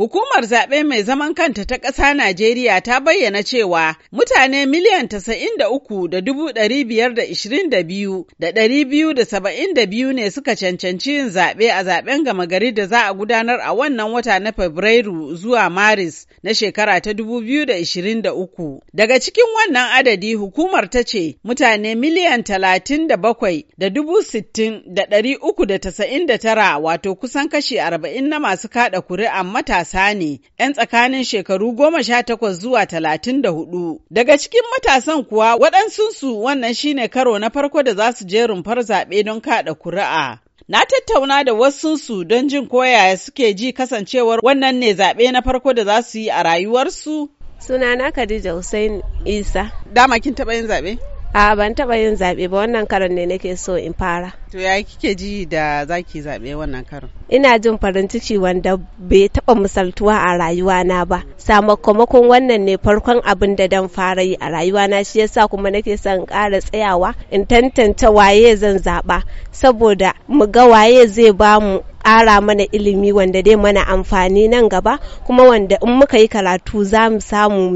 Hukumar zaɓe mai zaman kanta ta ƙasa Najeriya ta bayyana cewa mutane miliyan tasa'in da uku da dubu ɗari biyar da ishirin da biyu da ɗari biyu da saba'in da biyu ne suka cancanci yin zaɓe a zaɓen gama gari da za a gudanar a wannan wata na Fabrairu zuwa Maris na shekara ta dubu biyu da ishirin da uku. Daga cikin wannan adadi hukumar ta ce mutane miliyan talatin da bakwai da dubu sittin da ɗari uku da tasa'in da tara wato kusan kashi arba'in na masu kaɗa kuri'a matasa matasa ne 'yan tsakanin shekaru goma sha takwas zuwa talatin da hudu. Daga cikin matasan kuwa waɗansunsu wannan shine karo na farko da za su je rumfar zaɓe don kaɗa kuri'a. Na tattauna da wasunsu don jin koyaya suke ji kasancewar wannan ne zaɓe na farko da za su yi a rayuwarsu. Sunana Khadija Hussein Isa. Dama kin taɓa yin zaɓe? A ban taba yin zaɓe ba wannan karon ne nake so in fara. To ya kike ji da zaki zaɓe wannan karon? Ina jin farin ciki wanda bai taɓa misaltuwa a rayuwa na ba. Sakamakon wannan ne farkon abin da dan fara yi a rayuwa na shi yasa kuma nake son ƙara tsayawa in tantance waye zan zaɓa saboda mu ga waye zai bamu kara mana ilimi wanda dai mana amfani nan gaba kuma wanda in muka yi karatu za mu samu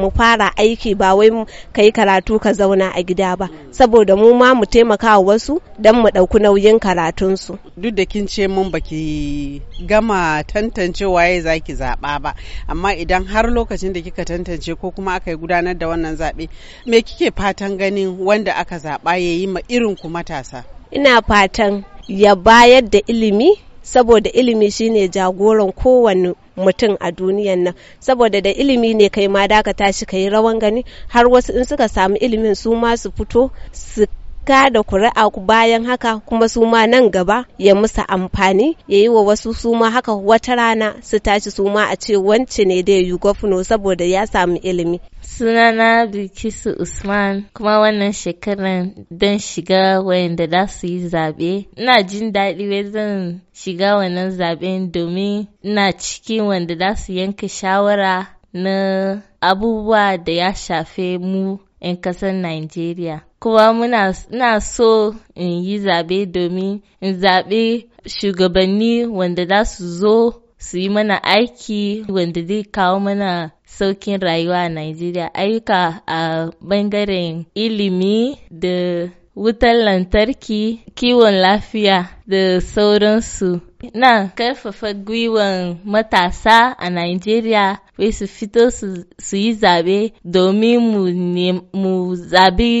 mu fara aiki ba wai ka yi karatu ka zauna a gida ba saboda mu ma mu taimaka wasu don mu ɗauki nauyin karatunsu. Duk da kin ce mun baki gama tantance waye za ki zaɓa ba amma idan har lokacin da kika tantance ko kuma aka yi gudanar da wannan zaɓe me kike fatan ganin wanda aka zaɓa ya yi ma irin ku matasa? ina fatan ya bayar da ilimi saboda ilimi shine jagoran kowane mutum a duniyan nan saboda da ilimi ne kai ma da ka tashi yi rawan gani har wasu in suka samu ilimin su ma su fito su kada kuri'a bayan haka kuma su ma nan gaba ya musu amfani ya yi wa wasu su ma haka wata rana su tashi su ma a ce wance ne da yi saboda ya samu ilimi. Sunana bikisu Usman kuma wannan shekaran don shiga wayanda za su yi zaɓe. Ina jin daɗi wai zan shiga wannan zaɓen domin ina cikin wanda za su yanke shawara na abubuwa da ya shafe mu 'yan ƙasar nigeria. kuma muna na so in yi zaɓe domin in zaɓe shugabanni wanda za su zo su yi mana aiki wanda zai kawo mana saukin rayuwa a Najeriya ayyuka a bangaren ilimi da wutar lantarki kiwon lafiya da sauransu na karfafa gwiwan matasa a Najeriya wai su fito su yi zaɓe domin mu zabi.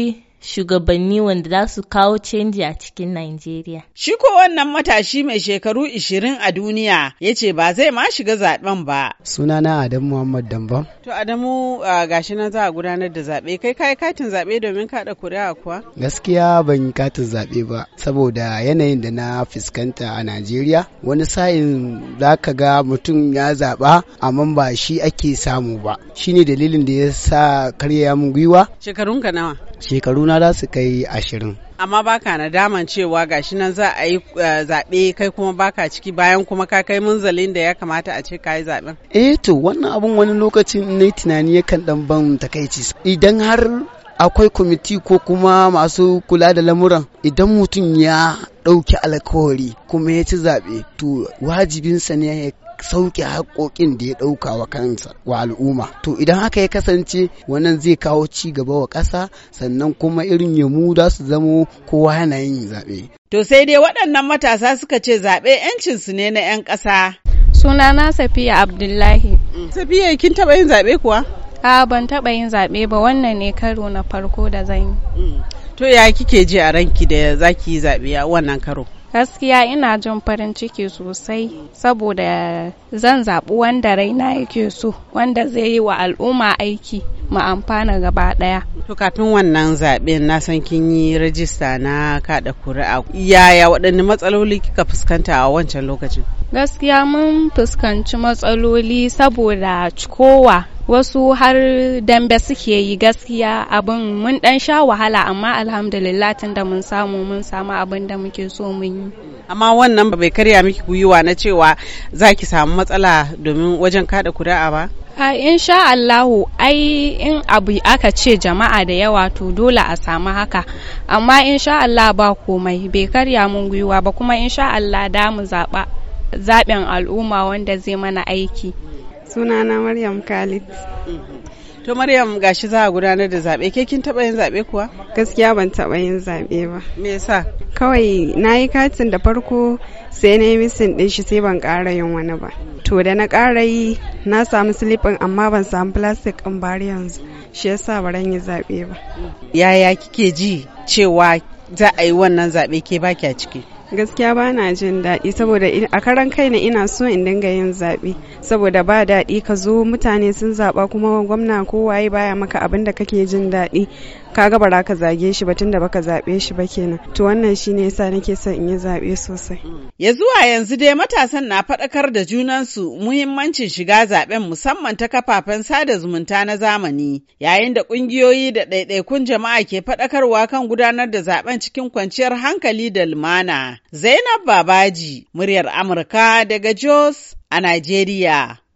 shugabanni wanda za su kawo canji a cikin Najeriya. Shi ko wannan matashi mai shekaru 20 a duniya ya ce ba zai ma shiga zaben ba. Sunana Adamu Muhammad Damba. To Adamu gashi nan za a gudanar da zaɓe kai kai katin zaɓe domin kaɗa kuri'a kuwa? Gaskiya ban yi katin zaɓe ba saboda yanayin da na fuskanta a Najeriya wani sa'in za ka ga mutum ya zaɓa amma ba shi ake samu ba shine dalilin da ya sa karya mun gwiwa. Shekarunka nawa? shekaru na za su kai ashirin. Amma baka na daman cewa gashi nan za a yi eh, zaɓe kai kuma baka ciki bayan kuma ka kai munzalin da ya kamata a ce ka yi zaɓen. Eh to wannan abun wani lokacin na yi tunani yakan dan ban takaici idan har akwai kwamiti ko kuma masu kula da lamuran idan mutum ya ɗauki alkawari kuma ya ci zaɓe to wajibinsa ne ya sauke haƙoƙin da ya ɗauka wa kansa wa al'umma to idan haka ya kasance wannan zai kawo ci gaba wa ƙasa sannan kuma irin yamu za su zamo kowa yana yin zaɓe. To sai dai waɗannan matasa suka ce zaɓe 'yancinsu ne na 'yan ƙasa. Sunana Safiya Abdullahi. Mm. Safiya kin taɓa yin zaɓe kuwa? A ban taɓa yin zaɓe ba wannan ne karo na farko da zan yi. Mm. To ya kike ji a ranki da za ki yi zaɓe a wannan karo? gaskiya ina jin farin ciki sosai saboda zan zaɓi wanda raina yake so wanda zai yi wa al'umma aiki ma amfana gaba ɗaya. To kafin wannan zaɓen na san kin yi rajista na kaɗa kuri'a yaya waɗanne matsaloli kika fuskanta a wancan lokacin? Gaskiya mun fuskanci matsaloli saboda cikowa wasu har dambe suke yi gaskiya abin mun dan sha wahala amma alhamdulillah tun da mun samu mun samu abin da muke so mun yi amma wannan ba bai karya miki gwiwa na cewa za ki samu matsala domin wajen kada kuri'a ba a insha Allahu ai in abu aka ce jama'a da yawa to dole a samu haka amma insha Allah ba komai bai karya mun gwiwa ba kuma insha Allah da mu zaɓa zaɓen al'umma wanda zai mana aiki sunana Maryam Khalid. Mm-hmm. To Maryam gashi za a gudanar da zaɓe ke kin taɓa yin zaɓe kuwa? Gaskiya ban taɓa yin zaɓe ba. Me yasa? Kawai na yi katin da farko sai na yi misin ɗin shi sai ban ƙara yin wani ba. To da na ƙara yi na samu silifin amma ban samu plastic in bari yanzu shi yasa ran yi zaɓe ba. Mm-hmm. Yaya kike ji cewa za a yi wannan zaɓe ke baki a ciki? gaskiya ba na jin daɗi saboda a karan kai na ina so in dinga yin zaɓe saboda ba daɗi ka zo mutane sun zaɓa kuma gwamna ko waye baya maka abin da kake jin daɗi kaga bara ka zage shi ba tunda baka zabe shi ba kenan to wannan shine yasa nake son in yi zabe sosai ya zuwa yanzu dai matasan na faɗakar da junansu muhimmancin shiga zaben musamman ta kafafen sada zumunta na zamani yayin da kungiyoyi da ɗaiɗaikun jama'a ke faɗakarwa kan gudanar da zaben cikin kwanciyar hankali da lumana zainab babaji muryar amurka daga jos a najeriya